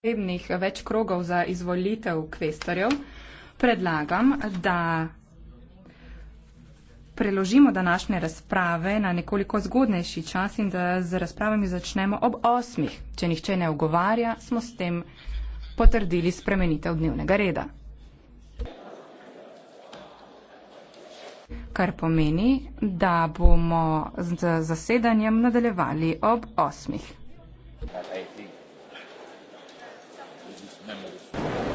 potrebnih več krogov za izvolitev kvestorjev, predlagam, da preložimo današnje razprave na nekoliko zgodnejši čas in da z razpravami začnemo ob osmih. Če nihče ne ogovarja, smo s tem potrdili spremenitev dnevnega reda. Kar pomeni, da bomo z zasedanjem nadaljevali ob osmih ne morem.